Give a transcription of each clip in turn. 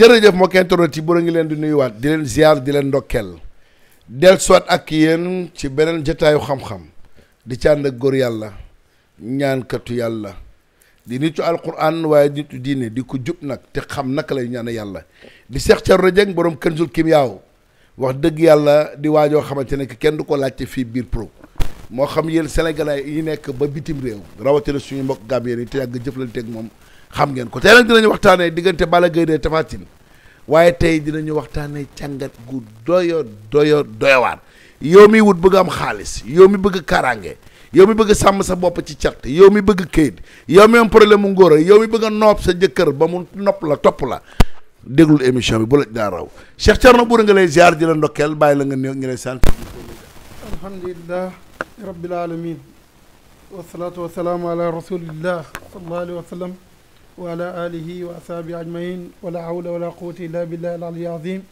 jërëjëf mbokk internet yi bu ngi leen di nuyuwaat di leen ziar di leen ndokkeel del soit ak yéen ci beneen jotaayu xam-xam di ci ànd ak góor yàlla ñaankatu yàlla di nitu alquran waaye nitu diine di ko jub nag te xam naka lay ñaan yàlla di Cheikh Thierno Dieng borom Kenzoul Kimiyaaw wax dëgg yàlla di waajoo xamante ne kenn du ko laajte fii biir pro moo xam yéen sénégalais yi nekk ba bitim réew rawatina suñu mbokk Gambien yi te yàgg jëflanteeg moom. xam ngeen ko tey nag dinañu waxtaanee diggante bala Gaye de Tapha Tine waaye tey dinañu waxtaanee càngat gu doyo doyo doyawaan yow mi wut bëgg am xaalis yow mi bëgg kaaraange yow mi bëgg sàmm sa bopp ci cat yow mi bëgg kayit yow mi am problème mu ngóor yow mi bëgg a noob sa jëkkër ba mu nopp la topp la déglul émission bi bu la daa raw Cheikh Thierno Bouré nga lay ziar di la ndokkeel bàyyi la nga néew ngi lay sant. alhamdulilah rabbil alamin wasalaatu wasalaamu ala rasulillah sallallahu wa ala alihi wa ashabi ajmain wala hawla wala quwata illa billah al ali azim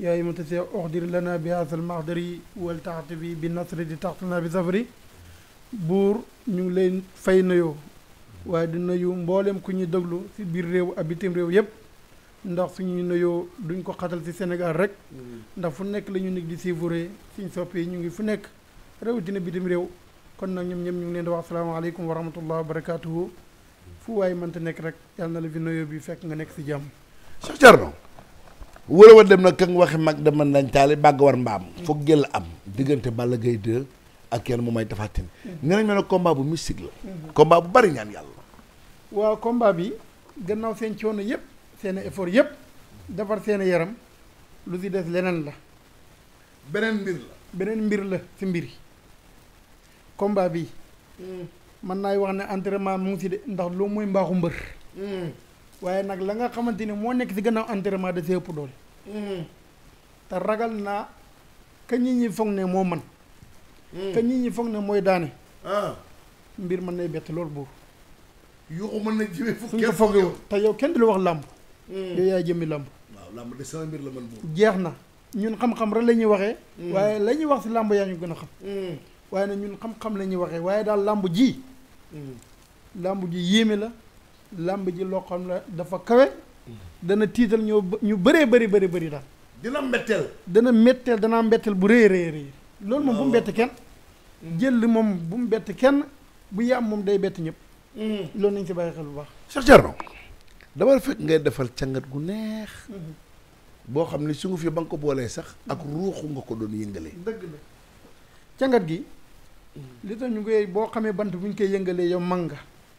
يا أيها المتسع أقدر لنا بهذا bi والتحت di بالنصر دي bi بظفري buur ñu ngi leen fay nuyoo waaye di nuyu mboolem ku ñuy déglu si biir réew ak bitim réew yépp ndax suñuy nuyoo duñ ko xatal si senegal rek mm. ndax fu nekk la ñu nit di siivoré ñu soppe ñu ngi fu nekk rawatina bitim réew kon nag ñoom ñëpp ñu ngi leen di wax asalaamaaleykum wa rahmatullah wa fu waaye mënta nekk rek yàlla na la fi bi fekk nga nekk si jàmm Cheikh Thierno wala wa dem na ka nga waxe mag dama nañ taali bàgg war mbaam mm. foog gël am diggante Balla Gaye 2 ak kenn mu may tafatin mm. nee nañ ma ne combat bu mystique la mm-hmm. combat bu bari ñaan yàlla waaw combat bi gannaaw seen coono yépp seen effort yépp defar seen yaram lu si des leneen la beneen mbir la beneen mbir la si mbir yi bi mm. mën naay wax ne entraînement mu ngi si de ndax loo mooy mbaaxu mbër. Hmm. waaye nag la nga xamante ni moo nekk si gannaaw entraînement da see ëpp doole. Hmm. te ragal naa ka nit ñi foog ne moo man hmm. ka nit ñi foog ne mooy daane. Ah. mbir mën nay bett loolu boobu. yuuxu mën na jëmee fu kenn foog yow te yow kenn du la wax làmb. yow yaa jëmmi làmb. waaw làmb de sama la man boobu. jeex na ñun xam-xam rek la ñuy waxee. waaye la ñuy wax si làmb yaa ñu gën a xam. waaye nag ñun xam-xam la waxee waaye daal làmb ji. làmb ji yéeme la làmb ji loo la dafa kawe dana tiital ñoo ñu bëree bëri bëri bëri daal dina mbetteel dana mbetteel mbetteel bu rëy rëy rëy loolu moom bu mu bett kenn jël moom bu mu bett kenn bu yàmm moom day bett ñëpp mm. loolu nañ ci bàyyi xel bu baax Cheikh Thierno dama fekk ngay defal cangat gu neex mm-hmm. boo xam ne sunguf yi ba nga ko boolee sax ak ruuxu nga ko doon yëngalee dëgg cangat gi li tax ñu boo xamee bant bu ñu koy yëngalee yow mag nga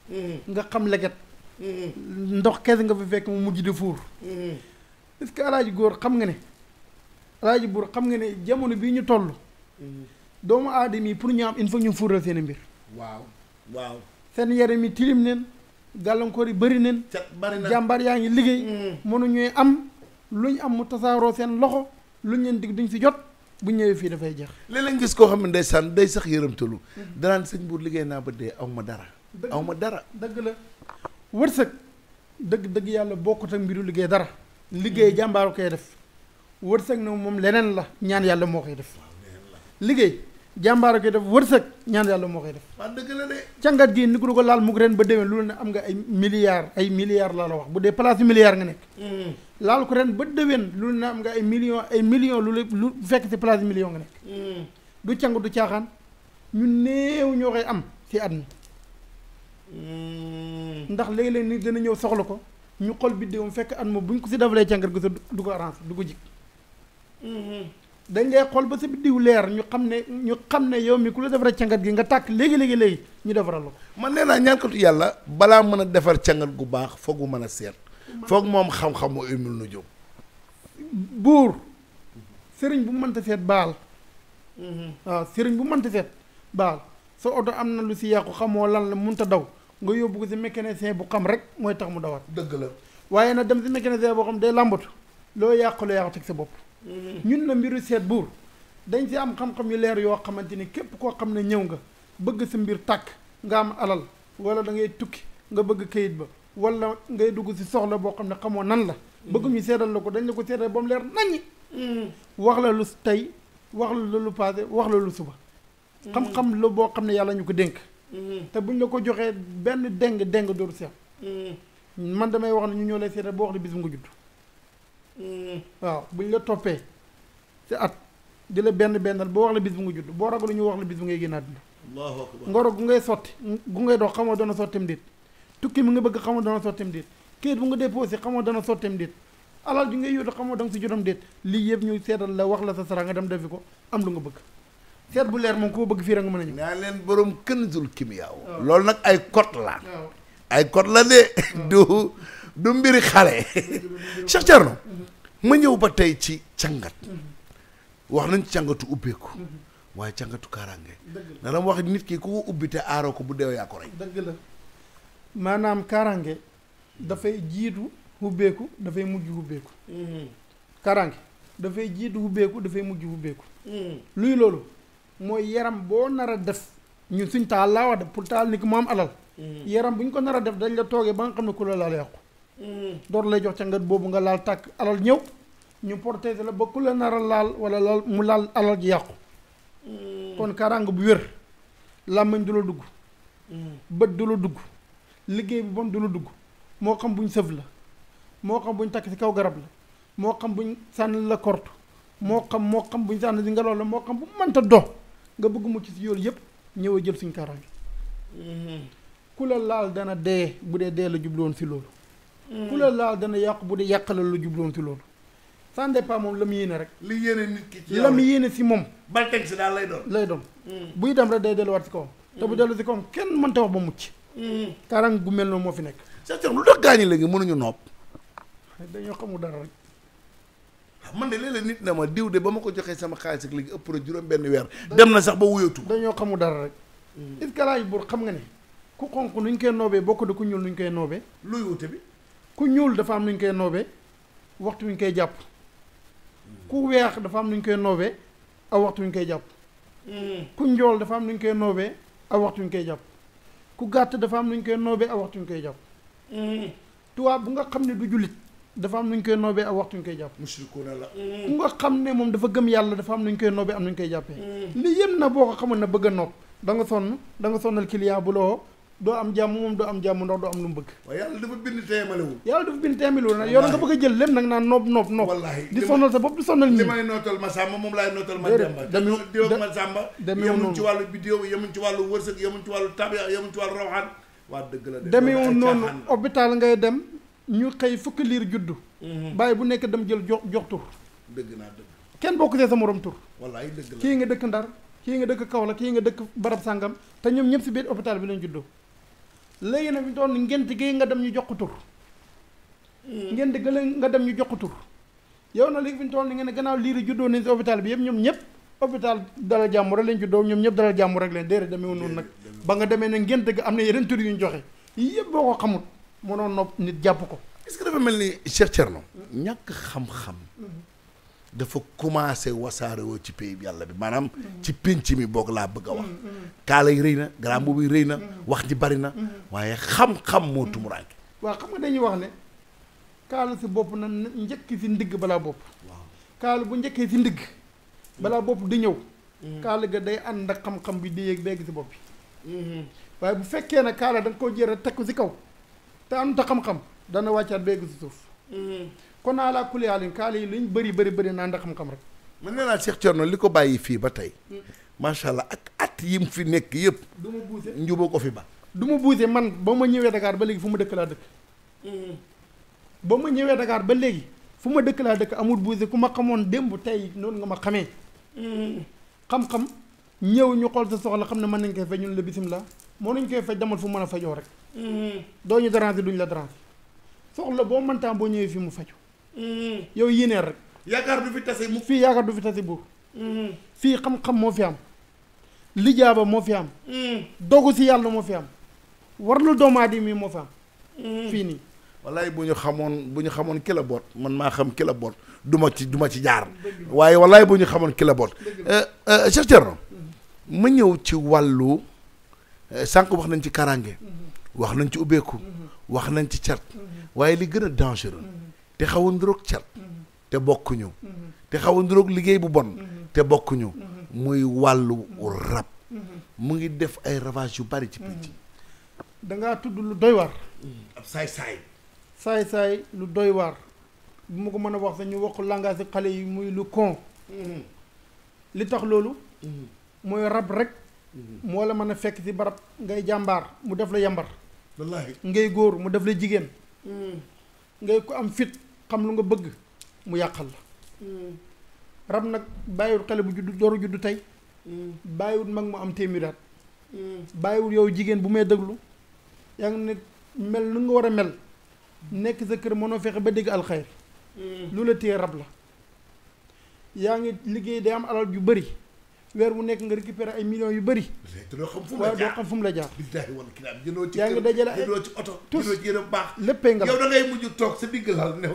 mm-hmm. nga xam leget mm-hmm. ndox kese nga fa fekk mu mujj di fuur mm-hmm. est-ce que alaaji góor xam nga ne alaaji buur xam nga ne jamono bii ñu toll doomu aadama yi pour ñu am il faut ñu fuural seen mbir waaw waaw seen yaram yi tilim neen gàllankoor yi bëri neen jàmbaar yaa ngi liggéey mënu ñooy am lu ñu am mu tasaaroo seen loxo lu ñu leen dig duñ si jot bu ñëwee fii dafay jeex léeg gis koo xam ne ndeysaan day sax yërëmtalu danaan sëñ buur liggéey naa ba dee aw ma dara aw ma dara dëgg la wërsëg dëgg dëgg yàlla bokkut ak mbiru liggéey dara liggéey jàmbaaru koy def wërsëg na moom leneen la ñaan yàlla moo koy def liggéey jàmbaaru koy def wërsëg ñaan yàlla moo koy def waaw dëgg la de càngat gi ni ko ko laal mu ko ren ba déwén lu ne am nga ay milliards ay milliards laa la wax bu dee place milliards nga nekk mm. laal ko ren ba deween lu ne am nga ay million ay million lu lu fekk ci place million nga nekk. Hmm. du cangu du caaxaan ñu néew ñoo koy am ci at mi. Hmm. ndax léeg-léeg nit dana ñëw soxla ko ñu xol biddéewam fekk at ma buñ ko si defalee càngat gu sa du ko arrange du ko jik hmm. dañ xool ba sa biddiw leer ñu xam ne ñu xam ne yow mi ku la defaree càngat gi nga tàkk léegi léegi léegi ñu defaral la ko. man nee naa ñaankatu yàlla balaa mën a defar càngat gu baax foogu mën a seet. foog moom xam-xamu ilmul nujum buur sëriñ bu mënta feet baal mm-hmm. waaw sëriñ bu mënta feet baal sa oto am na lu si yàqu xamoo lan la mënta daw nga yóbbu ko si mécanicien bu xam rek mooy tax mu dawaat dëgg la waaye nag dem si mécanicien boo xam day làmbatu loo yàqu la yàqu teg sa bopp mm-hmm. ñun na mbiru seet buur dañ si am xam-xam yu leer yoo xamante ni képp koo xam ne ñëw nga bëgg sa mbir tàkk nga am alal wala da ngay tukki nga bëgg kayit ba walla ngay dugg si soxla boo xam ne xamoo nan la bëgg ñu seddal la ko dañ la ko seedal ba mu leer naññi wax la lu tey wax la lu passé wax la lu suba xam-xam la boo xam ne yàlla ñu ko dénk te buñ la ko joxee benn déng déng dooru seet man damay wax ne ñu ñoo lay seedal boo wax ne bis bu nga judd waaw buñ la toppee si at di la benn bennal boo wax la bis bu nga judd boo ragalu ñu wax la bis bu ngay génn àdduna ngoro gu ngay sotti gu ngay dox xamoo doona sottim dit tukki mi nga bëgg xamoo dana sotteem déet kayit bu nga déposé xamoo dana sotteem déet alal ji ngay yóotu xamoo da nga si jotam déet lii yëpp ñu seetal la wax la sa sara nga dem defi ko am lu nga bëgg seet bu leer moom koo bëgg fii rek mën a ñëw naa leen borom Kanzul Kimya loolu nag ay code la ay la de du du mbiri mhm. ma ñëw ba tey ci càngat mhm. wax nañ càngatu ubbeeku mhm. waaye càngatu kaaraange na dama wax nit ki ku ko ubbi te aaroo ko bu deew yaa ko rey dëgg la maanaam kaaraange dafay jiitu hubbeeku dafay mujj hubbeeku mm-hmm. kaaraange dafay jiitu hubbeeku dafay mujj hubbeeku mm-hmm. luy loolu mooy yaram boo nar a def ñun suñ taal laa wax de pour taal ni ki mu am alal mm-hmm. yaram bu ñu ko nar a def dañ la toogee ba nga xam ne ku la laal yàqu door lay jox ca ngat boobu nga laal tàkk alal ñëw ñu protéger la ba ku nara laal wala laal mu laal alal ji yàqu kon kaaraange bu wér làmmiñ dula la dugg bët du la dugg liggéey bi bon du la dugg moo xam buñ sëf la moo xam buñ takk ci kaw garab la moo xam buñ sànni la kort moo xam moo xam buñ sànni si ngelaw la moo xam bu mënta nga bëgg mucc si yoolu yëpp ñëw jël suñ kaaraange mm-hmm. ku la laal dana dee bu dee dee jubloon si loolu mm-hmm. ku la laal dana yàqu bu dee yàq la la jubloon ci loolu sans départ moom la mu yéene rek li yéene nit ki ci la mu si moom bal teg si daal lay doon lay doon mm. buy dem rek day delluwaat si kawam te bu mm. dellu si kawam kenn mënta wax ba mucc kaaraan gu mel noonu moo fi nekk. c'est-à-dire lu tax gaañi léegi mënuñu nopp. dañoo xamul dara rek. Ah, man de léeg nit na ma diw de ba ma ko joxee sama xaalis ak léegi ëpp na juróom benn weer. dem na sax ba wuyatu. dañoo xamul dara rek. Hmm. nit kalaay buur xam nga ne ku xonq nuñ koy noobee bokk de ku ñuul nuñ koy noobee. luy wute bi. ku ñuul dafa am nuñ koy noobee waxtu wuñ koy jàpp. Hmm. ku weex dafa am nuñ koy noobee aw waxtu wuñ koy jàpp. Hmm. ku njool dafa am nuñ koy noobee aw waxtu wuñ koy jàpp. ku gàtt dafa am nu ñu koy noobee ak waxtu ñu koy jàpp. Mm-hmm. tubaab bu nga xam ne du jullit dafa am nu ñu koy noobee ak waxtu ñu koy jàpp. mushrikuuna la. ku nga xam ne moom dafa gëm yàlla dafa am nu ñu koy noobee am nu ñu koy jàppee. Mm-hmm. li yem na boo ko xamoon na bëgg a nopp da nga sonn danga sonnal client bu loo doo am jàmm moom doo am jàmm ndax doo am lu mu bëgg waaye yàlla dafa bind teemalewul yàlla dafa bind teemalewul nag yow da nga bëgg a jël lépp nag naan noob noob noob di sonal sa bopp di sonal ñi li wàllu bidéo yemuñ ci wàllu wërsëg yemuñ ci wàllu tabia yemuñ ci wàllu rawxaan waa dëgg la demewu noonu hôpital ngay dem ñu xëy fukki liir juddu mhm. bàyyi bu nekk dem jël jox jox tur naa dëgg kenn bokk see sa morom tur wallaahi dëgg la kii nga dëkk ndar kii nga dëkk Kaolack kii nga dëkk barab sàngam te ñoom ñëpp si biir hôpital bi lañ juddoo léegi nag doon ngent gi nga dem ñu jox ko tur hmm. ngent gi nga dem ñu jox ko tur yow na léegi fi ñu toll ni nga ne gannaaw liiri juddoo nañ si hôpital bi yëpp ñoom ñëpp hôpital dalal jàmm a lañ juddoo ñoom ñëpp dalal jàmm rek leen déedéet demeewul noonu nag ba nga demee ne ngent gi am na yeneen tur yu ñu joxe yëpp boo ko xamut mënoon nopp nit jàpp ko est-ce que dafa mel ni Cheikh Thierno hmm. ñàkk xam-xam hmm. dafa commencé wasaare ci pays bi yàlla bi maanaam ci pinc mi boog laa bëgg a wax kaala yi rëy na grand boobu yi rëy na wax ji bari na waaye xam-xam moo tumuraanke waa xam nga dañuy wax ne kaala si bopp na njëkk si ndigg balaa bopp waaw kaala bu njëkkee si ndigg balaa bopp di ñëw mm-hmm. kaala ga day ànd ak xam-xam bi di yéeg beeg si bopp bi mm-hmm. waaye bu fekkee ne kaala da nga koo jël teg ko si kaw te ànd ta xam-xam dana wàccaat beeg si suuf mm-hmm. kon naa laa kuliyaalin kaala yi luñ bëri bëri bëri naan da xam-xam rek mën ne naa Cheikh Thierno li ko bàyyi fii ba tey macha allah ak at yi mu fi nekk yëpp du ma buuse njuba ko fi ba du ma buuse man ba ma ñëwee Dakar ba léegi fu ma dëkk laa dëkk mm-hmm. ba ma ñëwee Dakar ba léegi fu ma dëkk laa dëkk amul buuse ku ma xamoon démb tey noonu nga ma xamee mm-hmm. xam-xam ñëw ñu xool sa soxla xam ne mën nañ koy faj ñun la bisimilah moo nañ koy faj demal fu mën a fajoo rek mm-hmm. doo ñu déranger duñu la déranger soxla boo mëntaan boo ñëwee fii mu faju Mm-hmm. yow yéeneel rek. yaakaar du fi tase mu. fii yaakaar du fi tase bu. Mm-hmm. fii xam-xam moo fi am. lijaa ba moo fi am. Mm-hmm. dogu si yàlla moo fi am. war doomu aadama yi moo fi am. fii nii. wallaay bu ñu xamoon bu ñu xamoon ki boot man maa xam ki boot du ma ci duma ma ci jaar. waaye wallaay bu ñu xamoon ki la boot. Eh, eh, Cheikh Thierno ma ñëw ci wàllu eh, sànq wax nañ ci karange wax nañ ci ubbeeku. wax nañ ci cat. waaye li gën a dangereux. te xaw a nduroog mm-hmm. te bokkuñu mm-hmm. te xaw a liggéey bu bon mm-hmm. te bokkuñu muy wàllu rab mu ngi def ay ravage yu bari ci pénc da ngaa tudd lu doy waar ab saay-saay saay lu doy waar bu ma ko mën a wax sax ñu wax langage xale yi muy lu kon li tax loolu mooy rab rek moo la mën a fekk ci barab ngay jàmbaar mu def la yambar ngay góor mu def la jigéen ngay ko am fit xam lu nga bëgg mu yàqal la hmm. rab nag bàyyiwul xale bu judd dooru juddu tey hmm. bàyyiwul mag mu am téeméeraat hmm. bàyyiwul yow jigéen bu may déglu yaa ngi ne mel nu nga war a mel nekk sa kër mënoo fexe ba dégg alxayr lu la téye rab la yaa ngi liggéey day am alal yu bari weer wu nekk nga récupérer ay millions yu bëri. te doo xam fu mu la jaar waaw doo xam fu mu la jaar. billahi wala kilaam jëndoo ci. yaa ngi dajale ay jëndoo ci oto. tous jëndoo ci yërëm baax. léppay ngelaw yow da ngay mujj toog sa digg laal ne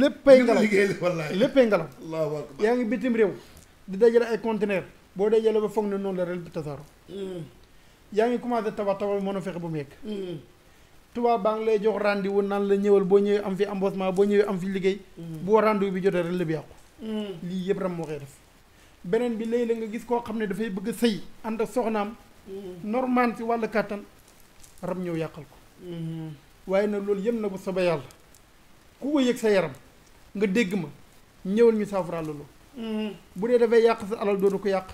léppay ngelaw li léppay ngelaw. allahu yaa ngi bitim réew. di dajale ay conteneur boo dajale ba foog ne noonu la ren bi tasaaroo. Hmm. yaa ngi commencé tabax tabax mën a fexe ba mu yegg. Hmm. tubaab baa ngi lay jox rendi wu naan la ñëwal boo ñëwee am fi embossement boo ñëwee am fi liggéey. Hmm. boo rendi bi jotee ren la bi yàqu. lii yëpp ram moo koy def beneen bi léeg-léeg nga gis koo xam ne dafay bëgg a sëy ànd ak soxnaam mm-hmm. normaan si wàllu kàttan rab ñëw yàqal ko mm-hmm. waaye na loolu yëpp na bu soobee yàlla ku ko yëg sa yaram nga dégg ma ñëwal ñu saafara loolu mm-hmm. bu dee dafay yàq sa alal dootu ko yàq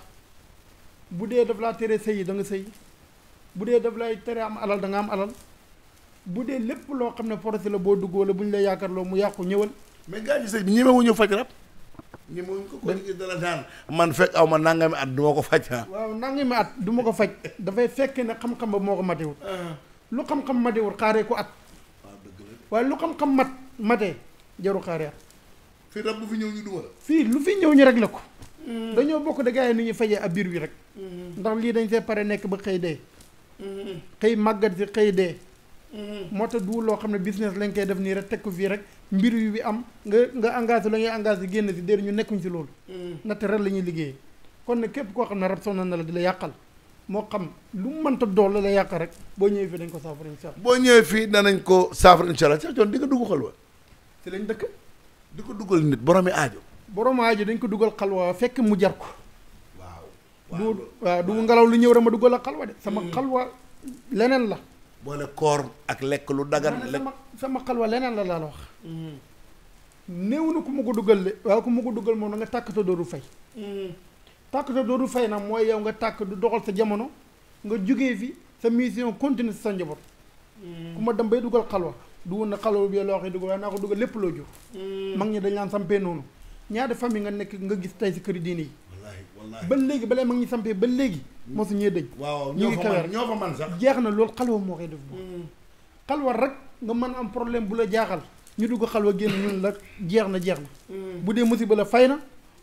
bu dee daf laa tere sëy da nga sëy bu dee daf lay tere am alal danga am alal bu dee lépp loo xam ne forcé la boo dugg wala bu ñu lay yaakaar loo mu yàqu ñëwal mais gaa ñi sëy bi ñemewuñu faj rab ñi man fekk aw ma nangami at du ko faj ah waaw nangami at du ko faj dafay fekk ne xam-xam ba moo ko matewut ah. lu xam-xam matewut xaaree ko at waaw ah, waaye lu xam-xam mat matee jaru xaaree at fii rab bu fi ñëw ñu duma fii lu fi ñëw ñu rek la ko hmm. dañoo bokk da gars yi ni ñuy fajee ab biir wi rek hmm. ndax lii dañ see pare nekk ba xëy dee hmm. xëy màggat si xëy dee Mm-hmm. moo tax du loo xam ne business lañ koy def nii rek teg ko fii rek mbir yu bi am nga nga engagé la ngay engagé génn si déedéet ñu nekkuñ si loolu. Mm-hmm. natt rek la ñuy liggéeyee. kon ne képp koo xam ne rab sonal na la di la yàqal moo xam lu mu mënta dool la la yàq rek boo ñëwee fii dañ ko saafara incha allah. boo ñëwee fii danañ ko saafara incha allah Cheikh Thione di nga dugg xalwa si lañ dëkk. di ko dugal nit boromi aajo. boromi aajo dañ ko dugal xalwa fekk mu jar ko. waaw waaw du ngelaw lu ñëw rek ma dugal a xalwa de. sama mm. xalwa leneen la. boole koor ak lekk lu dagan lekk sama xel wa leneen la laal wax mm. néew na ku ma ko dugal de waaye ku ma ko dugal moom na nga tàkkata doodu fay mm. tàkkata doodu fay nag mooy yow nga tàkk du doxal sa jamono nga jógee fi sa mission continue sa njaboot mm. ku ma dem bay dugal xalwa du woon na xalwa bi loo waxee dugal waaye naa ko dugal lépp loo jur mag ñi dañ naan sampee noonu ñaari famille nga nekk nga gis tey si kër diine yi ba léegi balee mag ñi sampee ba léegi mosu ñee dëj waaw ñu ñoo fa man sax jeex na loolu xalwa moo koy def moom xalwa rek nga mën am problème bu la jaaxal ñu dugg xalwa génn ñun la jeex na jeex na mm. bu dee musiba la fay na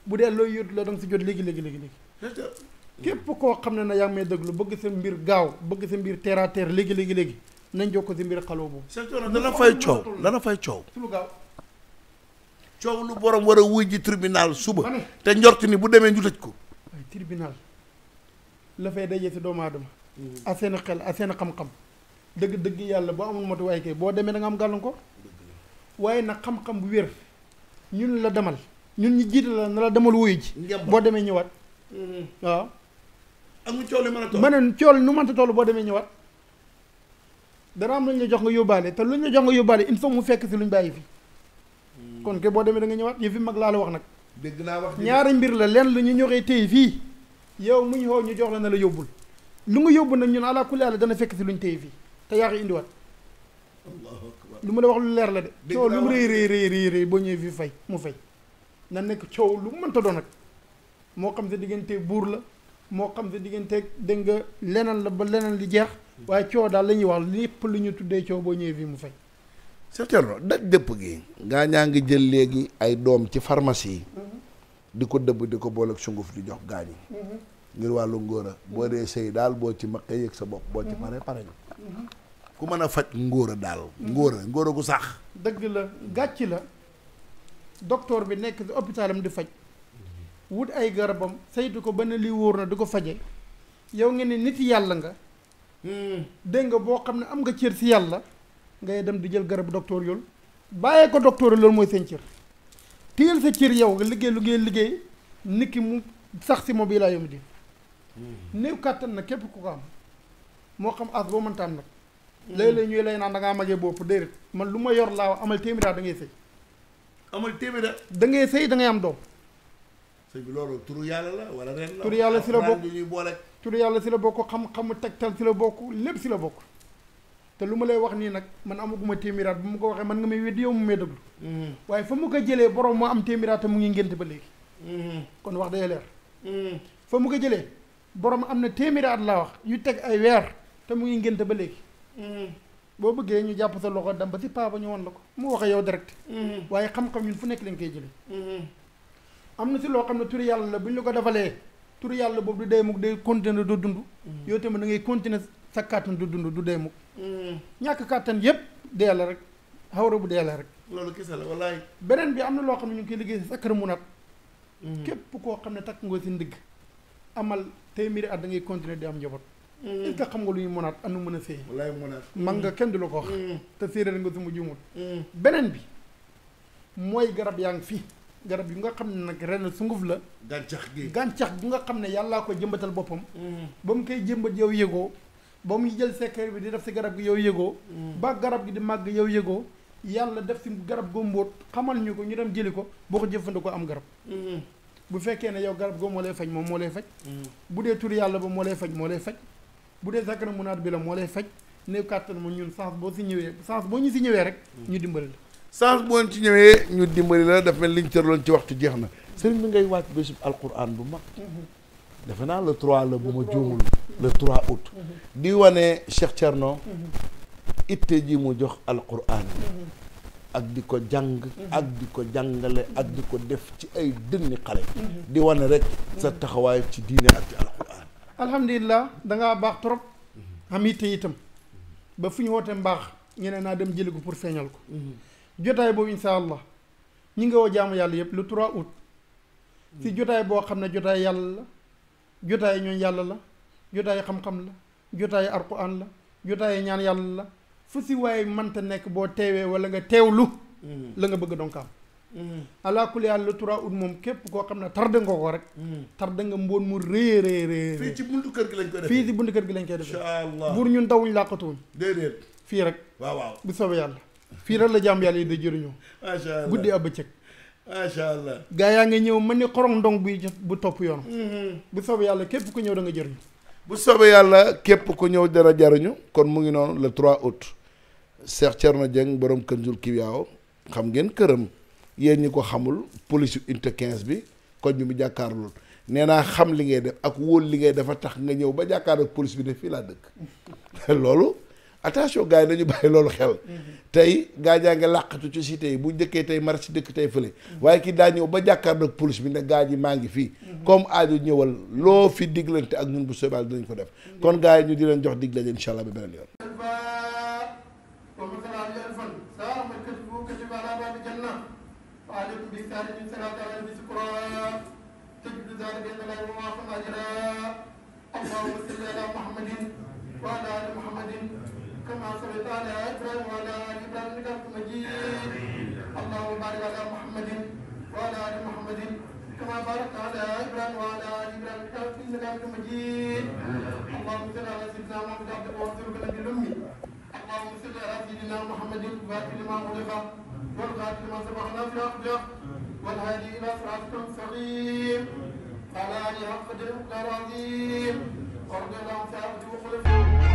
bu dee looy yóotu la danga si jot léegi léegi léegi léegi képp koo xam ne na yaa ngi may déglu bëgg mbir gaaw bëgg sa mbir terre léegi léegi léegi nañ jox ko si mbir xalwa boobu dana fay coow dana fay coow su lu coow lu borom war a wuy ji tribunal suba te njort ni bu demee ñu tëj ko tribunal la fay dajee si doomu aadama mm-hmm. ak seen xel ak seen xam-xam dëgg dëgg yàlla boo amul matuwaay kay boo demee da nga am gàllankoor waaye nag xam-xam bu wér ñun la demal ñun ñu jiital la na la demal wuyu ji boo demee ñëwaat mm-hmm. waaw amul cool yu mën a toll ma ne cool nu mënta toll boo demee ñëwaat dara am lañ la jox nga yóbbaale te luñ la jox nga yóbbaale il faut mu fekk si luñ bàyyi fi mm-hmm. kon ke boo demee da nga ñëwaat yëf fi mag laa la wax nag dégg naa wax ñaari mbir la leen lu ñu ñoree téye fii yow mu ñu xoo ñu jox la na la yóbbul lu mu yóbbu nag ñun ala kulli àlla dana fekk si ñu téye fii te yaa ngi indiwaat lu mu la wax lu leer la de coow lu mu rëy rëy rëy boo ñëwee fii fay mu fay na nekk coow lu mu mënta doon nag moo xam sa diggantee buur la moo xam sa diggante dégg nga leneen la ba leneen li jeex waaye coow daal la ñuy wax lépp lu ñu tuddee coow boo ñëwee fii mu fay Cheikh Thierno daj dëpp gi gaa ñaa ngi jël léegi ay doom ci pharmacie yi di ko dëbb di ko boole ak sunguf di jox gaañi mm-hmm. ngir wàllu ngóor a mm-hmm. boo dee sëy daal boo ci maqee yëg sa bopp boo ci mm-hmm. pare pare ku mën a faj ngóor a daal ngóor a ngóor gu sax dëgg la gàcc la docteur bi nekk ci hôpitalam di faj wut ay garabam saytu ko ba ne lii wóor na di ko faje yow ngeen ne nit yàlla nga mm. dégg nga boo xam ne am nga cër si yàlla ngay dem di jël garabu docteur yoolu bàyyee ko docteur loolu mooy seen cër téyel sa cër yow nga liggéey liggéey liggéey nit ki mu sax si moom bii laa yomb di hmm. néew kàttan nag képp ku ko am moo xam as boo mënta am nag hmm. léeg-léeg ñuy lay naan da ngaa magee bopp déedéet man lu ma yor laa amal téeméer da ngay sëy amal da ngay sëy da am doom bi loolu turu yàlla la wala ren la turu yàlla si la bokk turu yàlla si la bokk xam-xamu tegtal si la bokk lépp si la bokk te lu ma lay wax nii nag man amaguma téeméeraat bu ma ko waxee man nga may wedd yow mu may déglu mm-hmm. waaye fa mu ko jëlee borom moo am téeméeraat mu ngi ngénte ba léegi mm-hmm. kon wax day leer mm-hmm. fa mu ko jëlee borom am na téeméeraat laa wax yu teg ay weer te mu ngi ngénte ba léegi boo bëggee ñu jàpp sa loxo dem ba si paa ba ñu woon la ko mu waxee yow direct waaye xam-xam ñun fu nekk lañ koy jëlee am na si loo xam ne turi yàlla la bu ñu la ko defalee turi yàlla boobu du dee mukk day continuer du dund yow tamit da ngay continuer sa kàttan du dund du dee mukk ñàkk kàttan yëpp dee la rek xawra bu dee la rek. loolu kese la wallaay. beneen bi am na loo xam ne ñu ngi koy liggéey si sakkar munat. Mm-hmm. képp koo xam ne takk nga si ndigg amal téeméeri at da ngay continuer di am njaboot. Mm-hmm. est-ce xam nga lu ñu mënaat anu mën a sëy. wallaay mënaat mag nga kenn du la ko wax. Mm-hmm. te séeréer nga su mu juumut. beneen bi mooy garab yaa ngi fi. garab yu nga xam ne nag ren sunguf la. gàncax gi gàncax gi nga xam ne yàllaa ko jëmbatal boppam. ba mu koy jëmbat yow yëgoo. ba muy jël secret bi di def si garab gi yow yëgoo mm. ba garab gi di màgg yow yëgoo yàlla def si garab goo mbóot xamal ñu ko ñu dem jëli ko boo ko jëfandikoo am garab mm-hmm. bu fekkee ne yow garab goo moo lay faj moom moo lay faj mm. bu dee tur yàlla ba moo lay faj moo lay faj bu dee sakara munaat bi la moo lay faj ne kàttan mu ñun sens boo si ñëwee sens boo ñu si ñëwee rek mm. ñu dimbali la sens boo ci ñëwee ñu dimbali la daf mel liñ tëraloon ci waxtu jeex na sëriñ bi ngay waaj bésub alquran bu mag mm-hmm. defe naa le trois la bu ma juumul le 3 août di wane Cheikh it itte ji mu jox alquran ak di ko jàng ak di ko jàngale ak di ko def ci ay dënni xale di wane rek sa taxawaay ci diine ak ci alquran alhamdulilah dangaa baax trop am itte itam ba fu ñu woote mbaax ñeneen naa dem jëli ko pour feeñal ko jotaay boobu insha allah ñi nga woo jaamu yàlla yëpp le trois août si jotaay boo xam ne jotaay yàlla la jotaay ñooñ yàlla la jotaay xam-xam la jotaay alquran la jotaay ñaan yàlla la fu si waaye mënta nekk boo teewee wala nga teewlu mm. la nga bëgg donc am mm. alaakul yàlla le trois août moom képp koo xam ne tar nga ko rek mm. tar nga mboon mu réy fii ci buntu kër gi lañ koy defee fii ci buntu kër gi lañ koy defee incha buur ñun dawuñ làqatuwuñ déedéet fii rek waaw waaw bu soobee yàlla fii rek la jaam yàlla yi day jëriñoo guddi a bëccëg macha allah. gaa yaa ngi ñëw man ni xorong ndong buy bu topp yoon. Mm-hmm. bu soobee yàlla képp ku ñëw da nga jëriñu. bu soobee yàlla képp ku ñëw dara jariñu kon mu ngi noonu le trois août. Cheikh Thierno Dieng borom Kënzul Kiwiaaw xam ngeen këram yéen ñi ko xamul police yu unité quinze bi kon bi mu jàkkaarlool nee naa xam li ngay def ak wóol li ngay dafa tax nga ñëw ba jàkkaarloog police bi ne fii laa dëkk loolu. attention gaa yi nañu bàyyi loolu xel tey gaa làqatu ci cité yi bu njëkkee tey mar si tey fële waaye kii daa ñëw ba jàkkaarloog police bi ne gaa ji maa ngi fii comme aaju ñëwal loo fi diglante ak ñun bu soobee dinañ ko def kon gars yi ñu di leen jox dig laje incha allah ba beneen yoon كما صليت على إبراهيم وعلى آل إبراهيم إنك حميد مجيد اللهم بارك على محمد وعلى آل محمد كما باركت على إبراهيم وعلى آل إبراهيم إنك حميد مجيد اللهم صل على سيدنا محمد عبدك ورسولك نبي الأمي اللهم صل على سيدنا محمد الفاتح لما أغلق والقاتل لما سبق ناصر أخبره والهادي إلى صراطك المستقيم على آله حق قدر العظيم وارض اللهم سعادة وخلفه